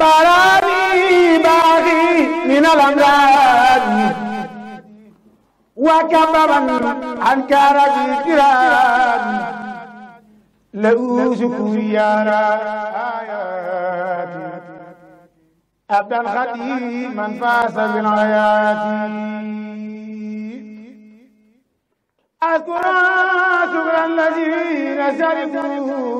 براري باغي من الأمراض وكبرا عن كارب الكرام له سكريانا آياتي أبدا خديما فاز بالآيات أذكر شكر الذين شركوا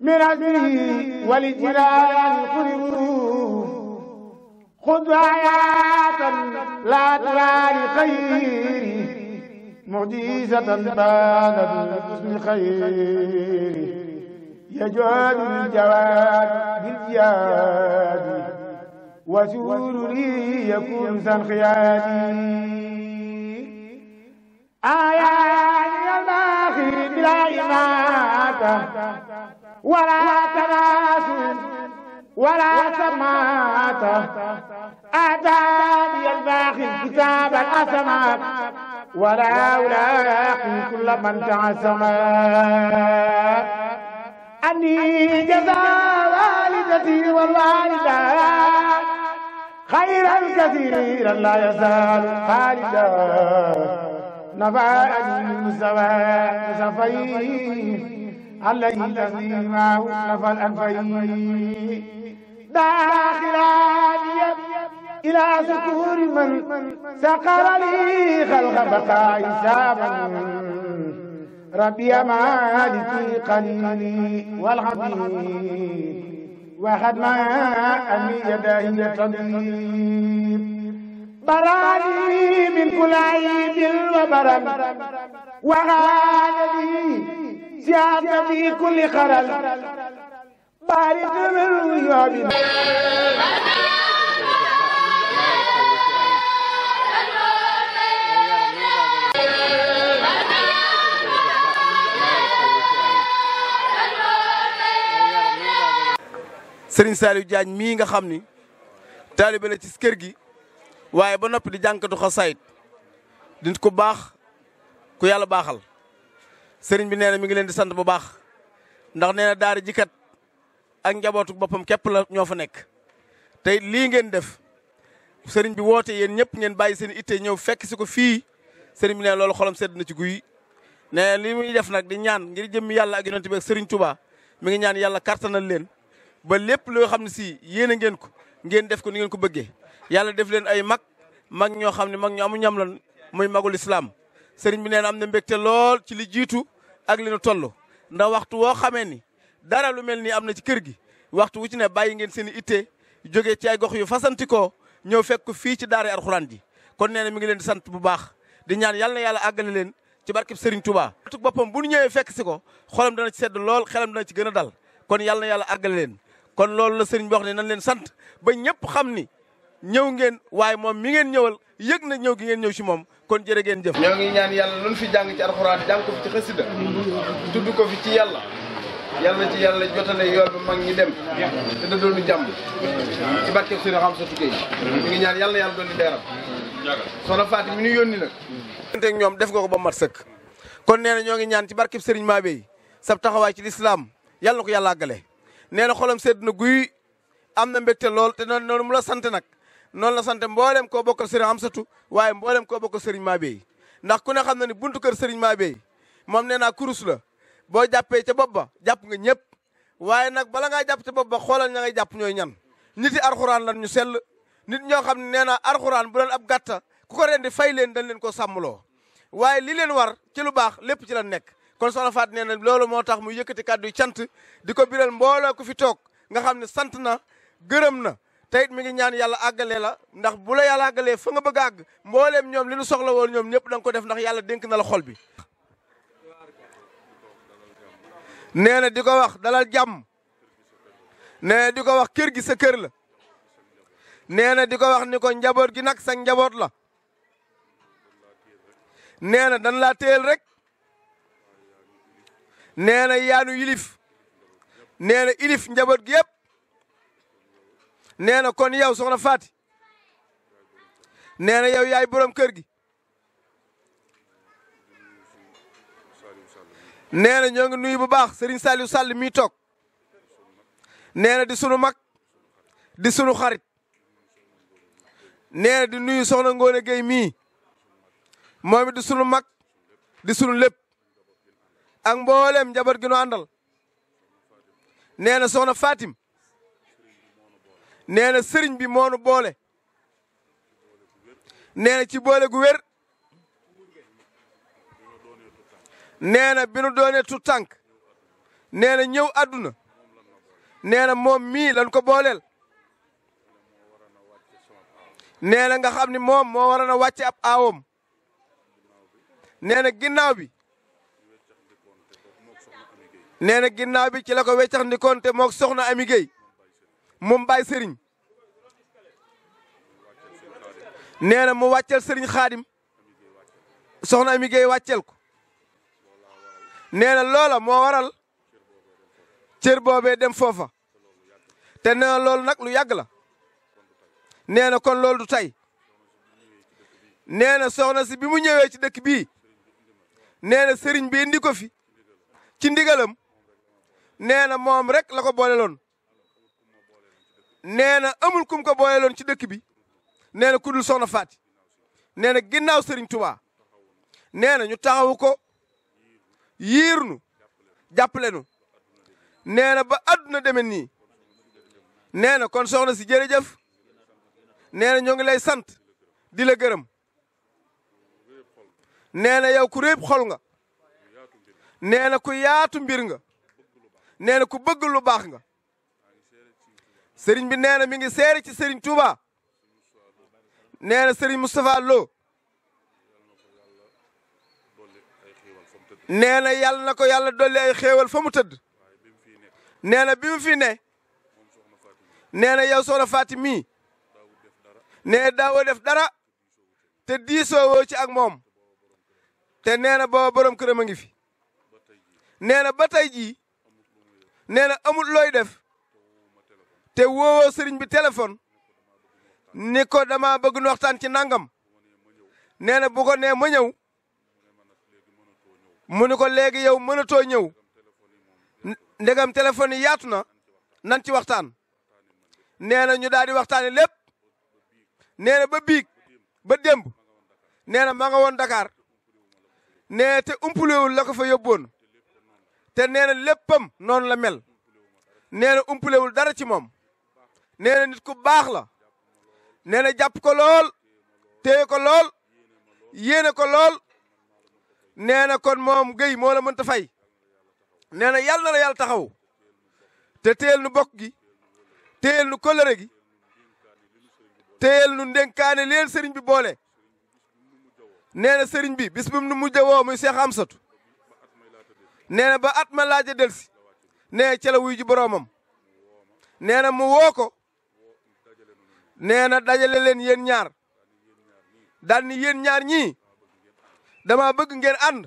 من أجله ولجلال خربوا خذ آياتا لا ترى لخير معجزة بعد الحسن خير يجاد الجواد بالجاد وسور لي يكون سنخيادي آيات الباخر بلا إماتة ولا تناسل ولا سمات أعدادي الباخي كتاب الأسمات ولا أولاق كل من تعسم أني جزاء والدتي والوالدة خيرا كثيرا لا يزال خالدا نفعني المستوى شفيه الذي تسليم نف الأنفي داخلاني إلى سكور من سقر لي خلق بقاء ساما ربي مالكي قليلي والحبيب وحد ما أمي يدي يتضيب براني من كل عيب وبرم وغالي سيادة في كل خرل بارك من يوم Serigne Saliou Diagne mii nga xam ni taalibe la ci kër gi waaye ba noppi di jànkatu xasaayit di nit ku baax ku yàlla baaxal sëriñ bi nee na mi ngi leen di sant bu baax ndax nee na daara jikat ak njabootu boppam képp la ñoo fa nekk. tey lii ngeen def sëriñ bi woote yéen ñëpp ngeen bàyyi seen ite ñëw fekk si ko fii sëriñ bi nee na loolu xolam sedd na ci guy nee lii muy def nag di ñaan ngir jëmm yàlla ak yonent bi ak sëriñ Touba mi ngi ñaan yàlla kartanal leen ba lépp loo xam ne si yéene ngeen ko ngeen def ko ni ngeen ko bëggee yàlla def leen ay mag mag ñoo xam ne mag ñoo amu am na mbégte lool ci ak li nu toll ndax waxtu woo xamee ni dara lu mel nii am na ci kër gi waxtu wu ci ne bàyyi ngeen seen i ittee jógee ci ay gox yu fasantikoo ñëw fekk fii ci daara alxuraan ji kon nee na mi ngi leen di sant bu baax di ñaan yàlla na yàlla àggale leen ci barkeb Serigne Touba. tuk boppam bu ñu ñëwee fekk si ko xolam dana ci sedd lool xelam dana ci gën a dal kon yàlla na yàlla leen kon loolu la Serigne bi wax ne nan leen sant ba ñëpp xam ni ñëw ngeen waaye moom mi ngeen ñëwal yëg na ñëw gi ngeen ñëw si moom kon jërë ngeen jëf ñoo ngi ñaan yàlla luñ fi jàng ci alxuraan jàng ko fi ci xasida tudd ko fi ci yàlla yàlla ci yàlla jotale yool ba mag ñi dem te da doonu jàmm ci barkeb suñu xam sa tukkee ñu ngi ñaan yàlla yàlla doon di leeral soxna Faati mi ñu yónni nag ñoom def nga ko ba mat sëkk kon nee na ñoo ngi ñaan ci barkeb sëriñ Mabey sab taxawaay ci lislaam yàlla ko yàlla àggale nee na sedd na guy am na mbégte lool te noonu mu la sant nag noonu la sant mboolem koo bokkal sëriñ Amsatu waaye mboolem koo bokkal sëriñ Mabey ndax ku ne xam na ni buntu kër sëriñ Mabey moom nee naa kurus la boo jàppee ca bopp ba jàpp nga ñëpp waaye nag bala ngaa jàpp ca bopp ba xoolal ña ngay jàpp ñooy ñan nit yi arxuraan lan ñu sell nit ñoo xam ne nee naa arxuraan bu doon ab gàtta ku ko ren di fay leen dañ leen ko sàmmloo waaye li leen war ci lu baax lépp ci la nekk kon soxna Faat nee na loolu moo tax mu yëkkati kàddu cant di ko biral mbooloo ku fi toog nga xam ne sant na gërëm na te mi ngi ñaan yàlla àggale la ndax bu la yàlla àggalee fa nga bëgg àgg mbooleem ñoom li ñu soxla woon ñoom ñëpp da ko def ndax yàlla dénk na la xol bi. nee na di ko wax dalal jàmm nee di ko wax kër gi sa kër la nee na di ko wax ni ko njaboot gi nag sa njaboot la nee na dan laa téyel rek nee na yaanu yilif nee na ilif njaboot gi yëpp nee na kon yow soxna Faati nee na yaay borom kër gi neena na ñoo ngi nuyu bu baax sëriñ Saliou Sall mi toog nee na di sunu mag di sunu xarit nee na di nuyu soxna Ngoone Gueye mi moom di sunu mag di sunu lépp ak mboolem njaboot gi nu àndal nee na soxna Fatim nee na sëriñ bi moonu boole nee ci boole gu wér nee na bi nu tu tànk nee na ñëw àdduna neena moom mii lañ ko booleel nee na nga xam ni moom moo waroon a ab aawam nee na ginnaaw bi nee na ginnaaw bi ci la ko weccax ndikoonte mook soxna Ami Gueye moom Baye Serigne nee na mu wàcceel Serigne Khadim soxna Amy Gueye wàcceel ko nee na loola moo waral cër boobee dem foofa te nee na loolu nag lu yàgg la nee na kon lool du tey nee soxna si bi mu ñëwee ci dëkk bii nee sëriñ Serigne bi ko fi ci ndigalam nee na moom rek la ko booleloon. nee na amul kum ko booyaloon ci dëkk bi nee na ku dul soxna Faati nee na ginnaaw sëriñ Touba nee na ñu taxawu ko yiir nu jàppale nu nee na ba àdduna deme nii nee na kon soxna si jërëjëf nee na ngi lay sant di la gërëm nee na yow ku réeb xol nga nee na ku yaatu mbir nga nee ku bëgg lu baax nga sëriñ bi nee na mi ngi seere ci sëriñ Touba nee na sëriñ Moustapha Lo nee na yàlla na ko yàlla dolli ay xéewal fa mu tëdd nee na bi mu fi ne nee na yow soxna Fatim mii nee daawoo def dara te diisoo woo ci ak moom te nee na booba borom këram a ngi fi nee na ba tey jii nee na amul looy def te woowoo sëriñ bi téléphone ni ko dama bëgg nu waxtaan ci nangam nee na bu ko nee ma ñëw mu ni ko léegi yow mënatoo ñëw ndegam téléphone yi yaatu na nan ci waxtaan nee na ñu daal di waxtaane lépp nee na ba biig ba démb nee na ma nga woon Dakar nee te umpulewul la ko fa te nee léppam noonu la mel nee na umpulewul dara ci moom nee na nit ku baax la nee na jàpp ko lool téye ko lool yéene ko lool nee na kon moom géy moola mënta fay nee na yàlla na yàlla taxaw te téyel nu bokk gi téyel nu kolëre gi téyel nu ndénkaane leen sëriñ bi boole nee na sëriñ bi bis bi mu nu mujj woo muy Seex Amsatu nee na ba at ma laaja delsi nee ca wuy ji boroomam mu woo ko nee na dajale leen yéen ñaar daal ni yéen ñaar ñii dama bëgg ngeen ànd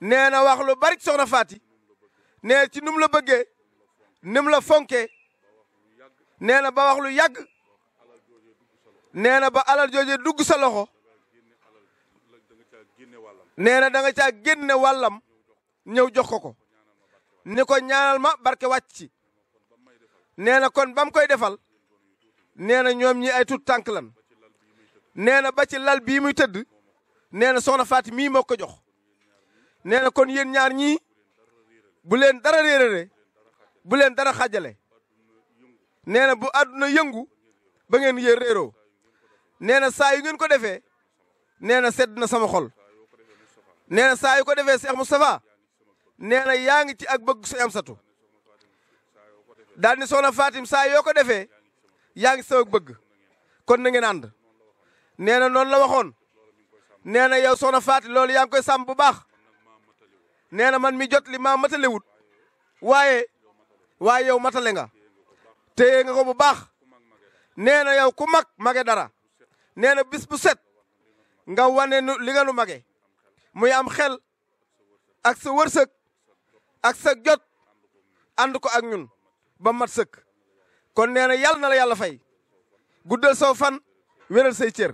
nee na wax lu bari soxna Faati nee ci num la bëggee num la fonkee nee na ba wax lu yàgg nee na ba alal jooje dugg sa loxo nee na da nga caa génne wàllam ñëw jox ko ko ni ko ñaanal ma barke wàcc ci nee na kon ba mu koy defal nee na ñoom ñi ay tut tànk lan nee na ba ci lal bii muy tëdd nee na soxna Faati mii moo ko jox nee na kon yéen ñaar ñii bu leen dara réerale bu leen dara xajale nee na bu àdduna yëngu ba ngeen yéen réeroo nee na saa yu ngeen ko defee nee na sedd na sama xol nee na saa yu ko defee Cheikh Moustapha nee na yaa ngi ci ak bëgg su am satu daal ni soxna Fatim saa yoo ko defee yaa ngi sama bëgg kon na ngeen ànd nee na noonu la waxoon nee na yow soxna faat loolu yaan ngi koy sàmm bu baax nee na man mi jot li maa matalewut waaye waay yow matale nga téye nga ko bu baax nee na yow ku mag mage dara nee na bis bu set nga wane nu li nga nu mage muy am xel ak sa wërsëg ak sa jot ànd ko ak ñun ba mat sëkk kon nee na yàlla na fay guddal soo fan wéral say cër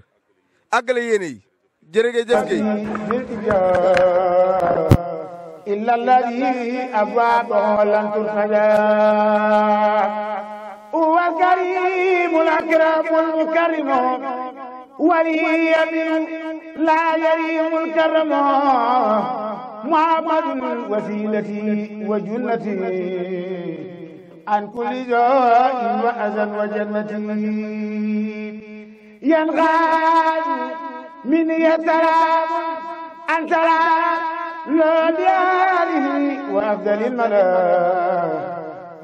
àggale yéene yi jërëjëf Guèye. إلا الذي أبابه لن تنفجا هو كريم الأكرم المكرم ولي من لا يريم الكرم محمد وسيلتي وجنتي عن كل جوع وأذى وجنة ينغاد من يسلام أن سلام لا دياره وأفضل الملا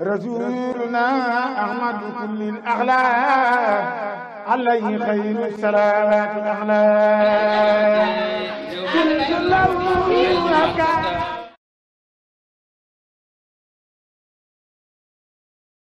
رسولنا أحمد كل الأخلاق عليه خير الصلوات الأخلاق كل الله